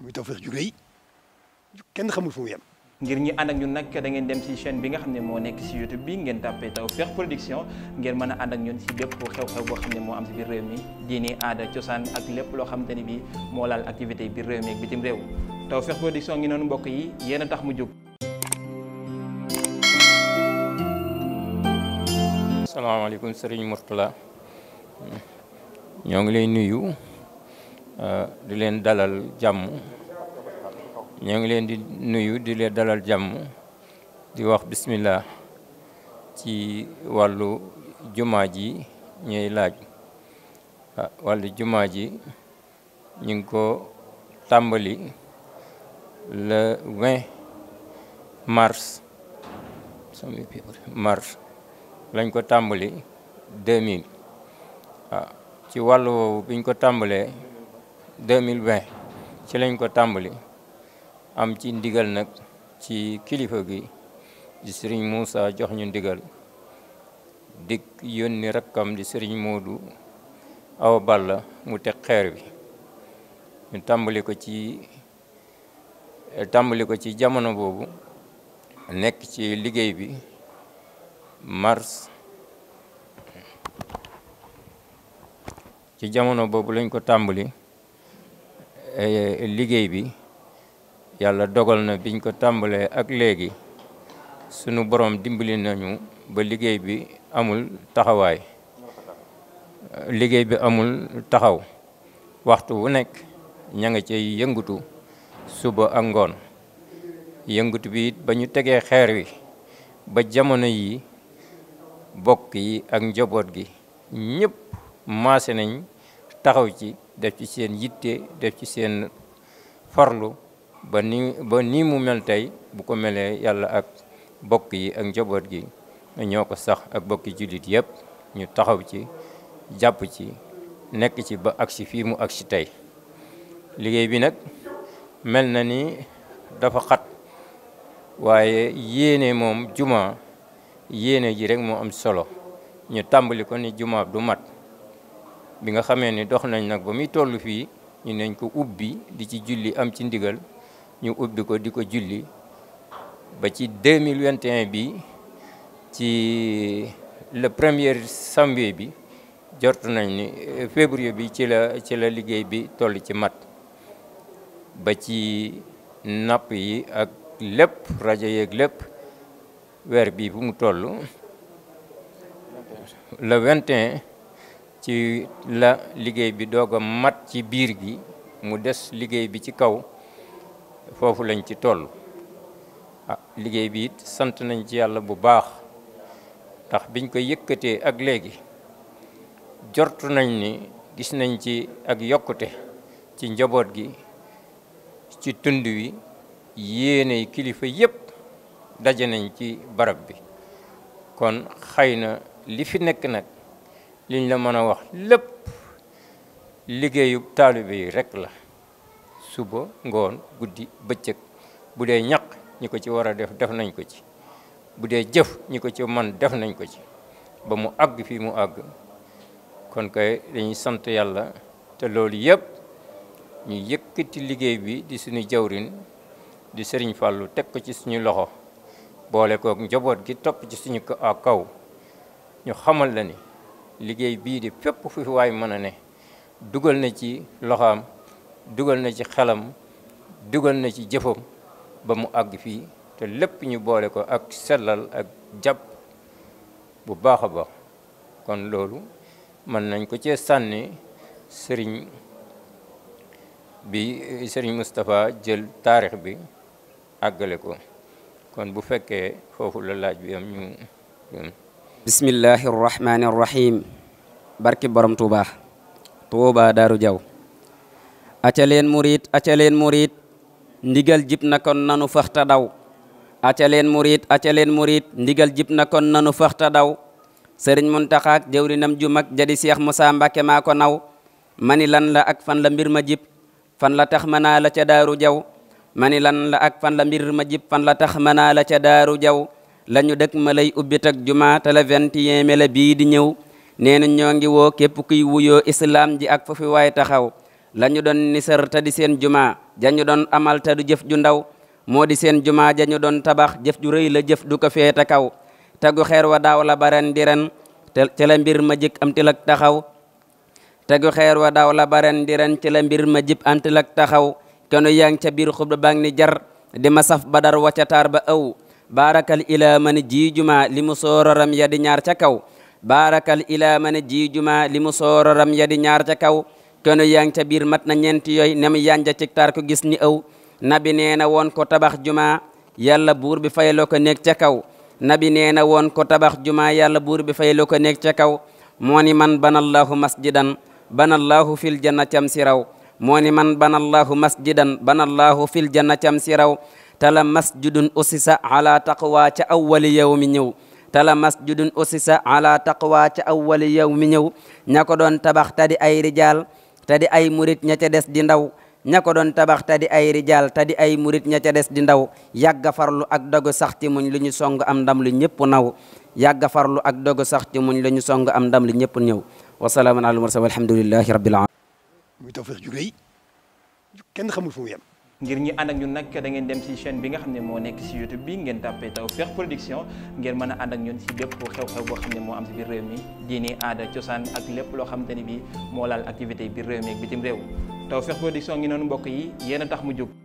muy Tawfekh ju kenn xamul foofu mu ngir ñi ànd ak ñun nag da ngeen dem ci chaîne bi nga xam ne moo nekk si YouTube bi ngeen tàppee Tawfekh Production ngeen mën a ànd ak ñun ci bépp xew-xew boo xam ne moo am ci biir réew mi diini aada cosaan ak lépp loo xamante ni bi moo laal activité biir réew mi ak bitim réew Tawfekh Production ngi noonu mbokk yi yéen a tax mu jóg. salaamaaleykum Serigne Mourtala ñoo ngi lay nuyu. Euh, di leen dalal jàmm ñoo ngi leen di nuyu di leen dalal jàmm di wax bismillah ci wàllu jumaa ji ñuy laaj ah, wàllu jumaa ji ñu ngi ko tàmbali le 20 mars mars lañ ko tàmbali 2000 waaw ah, ci wàllu biñ ko tàmbalee 2020 ci lañ ko tàmbali am ci ndigal nag ci kilifa gi di sëriñ Moussa jox ñu ndigal dik yónni rakkam di sëriñ Moodu aw Awa la mu teg xeer bi ñu tàmbali ko ci tàmbali ko ci jamono boobu nekk ci liggéey bi mars ci jamono boobu lañ ko tàmbali Eh, liggéey bi yàlla dogal na biñ ko tàmbalee ak léegi sunu borom dimbali nañu ba liggéey bi amul taxawaay liggéey bi amul taxaw waxtu wu nekk ña nga cay yëngatu suba ak ngoon yëngatu bi it ba ñu tegee xeer wi ba jamono yi bokk yi ak njaboot gi ñépp maase nañ taxaw ci def ci seen yitte def ci seen farlu ba ni ba nii mu mel tey bu ko melee yàlla ak bokk yi ak njaboot gi ñoo ko sax ak bokki jullit yëpp ñu taxaw ci jàpp ci nekk ci ba agsi fii mu agsi tey liggéey bi nag mel na ni dafa xat waaye yéene moom jumaa yéene ji rek moo am solo ñu tàmbali ko ni juma du mat bi nga xamee ni dox nañ nag ba muy toll fii ñu neñ ko ubbi di ci julli am ci ndigal ñu ubbi ko di ko julli ba ci 2021 bi ci le premier samedi bi jort nañ ni euh, février bi ci la ci la liggéey bi toll ci mat ba ci napp yi ak lépp rajo yeeg lépp weer bi bu mu toll le 21 ci la liggéey bi doog a mat ci biir gi mu des liggéey bi ci kaw foofu lañ ci toll ah liggéey bi it sant nañ ci yàlla bu baax ndax biñ ko yëkkatee ak léegi jortu nañ ni gis nañ ci ak yokkute ci njaboot gi ci tund wi yéene kilifa yépp daje nañ ci barab bi kon xëy na li fi nekk nag liñ la mën a wax lépp liggéeyub taalibe yi rekk la suba ngoon guddi bëccëg bu dee ñakk ñi ko ci war a def def nañ ko ci bu dee jëf ñi ko ci man def nañ ko ci ba mu àgg fii mu àgg kon kay dañuy sant yàlla te loolu yëpp ñu yëkkati liggéey bi di suñu jawrin di sëriñ fàllu teg ko ci suñu loxo boole kook njaboot gi topp ci suñu kaw ñu xamal la ni liggéey bii di fépp fu fi mën a ne dugal na ci loxoom dugal na ci xelam dugal na ci jëfam ba mu àgg fii te lépp ñu boole ko ak sellal ak jàpp bu baax a baax kon loolu mën nañ ko cee sànni sëriñ bi sëriñ Moustapha jël taarix bi àggale ko kon bu fekkee foofu la laaj bi am ñu bismillahi irrahmani irrahim barki borom tuuba tuuba daaru jaw acaleen murit acaleen murit ndigal jib na kon nanu faxta daw acaleen murit acaleen murit ndigal jip na kon nanu faxta daw sëriñ muntaxaak jëwrinam ju mag jadi seex musaa mbàkke maa naw mani lan la ak fan la mbir ma jib fan la tax manaa la ca daaru jaw mani lan la ak fan la mbir ma jib fan la tax manaa la ca daaru jaw la ñu dëkk ma ubbi ubbit ak juma te la vingt bii di ñëw nee na ñoo ngi woo képp kuy wuyoo islam ji ak foofu waay taxaw la ñu doon nisar ta di seen jumaa ja doon amal ta du jëf ju ndaw moo di seen jumaa jañu doon tabax jëf ju rëy la jëf du ko feete kaw tegu xeer wa daaw la baren di ren te mbir ma jëkk am tilak taxaw tegu xeer wa daw la baren di ren ci mbir ma jib am tilak taxaw kenu yaa ca biir xub ba ngi ni jar di ma saf badar wacca taar baarakal ilaa man ji juma li mu sooraram yadi ñaar ca kaw baarakal ilaa man ji juma li mu sooraram yadi ñaar ca kaw kenu yang biir mat na ñeenti yooyu nem yanja ci tar ko gis aw ëw nabi nee na woon ko tabax juma yàlla buur bi fayloo ko nekk ca kaw nabi nee na woon ko tabax juma yàlla buur bi fayloo ko nekk ca kaw moo ni man banallaahu masjidan banallaahu fil janna cam si raw moo ni man banallaahu masjidan banallaahu fil janna cam si raw tala masjidun usisa ala taqwa ca awwali yow mi ñëw tala masjidun usisa ala taqwa ca awwali yow mi ñëw ña ko doon tabax tadi ay rijaal tadi ay murit ña ca des di ndaw ña ko doon tabax tadi ay rijaal tadi ay murit ña ca des di ndaw yàgga farlu ak dogu sax ci muñ lu ñu song am ndam lu ñëpp naw yàgga farlu ak dogu sax ci muñ lu ñu song am ndam lu ñëpp ñëw wasalaamun ala al mursalin walhamdulillahi rabbil alamin muy tawfiq ju rëy kenn xamul fu ngir ñi ànd ak ñun nag da dem si chaîne bi nga xam ne moo nekk si YouTube bi ngeen tàppee Tawfekh Production ngeen mën a ànd ak ñun si bépp xew-xew boo xam ne moo am si biir réew mi diini aada cosaan ak lépp loo xamante ni bi moo laal activité biir réew mi ak bitim réew Tawfekh Production ngi noonu mbokk yi yéen a tax mu jóg.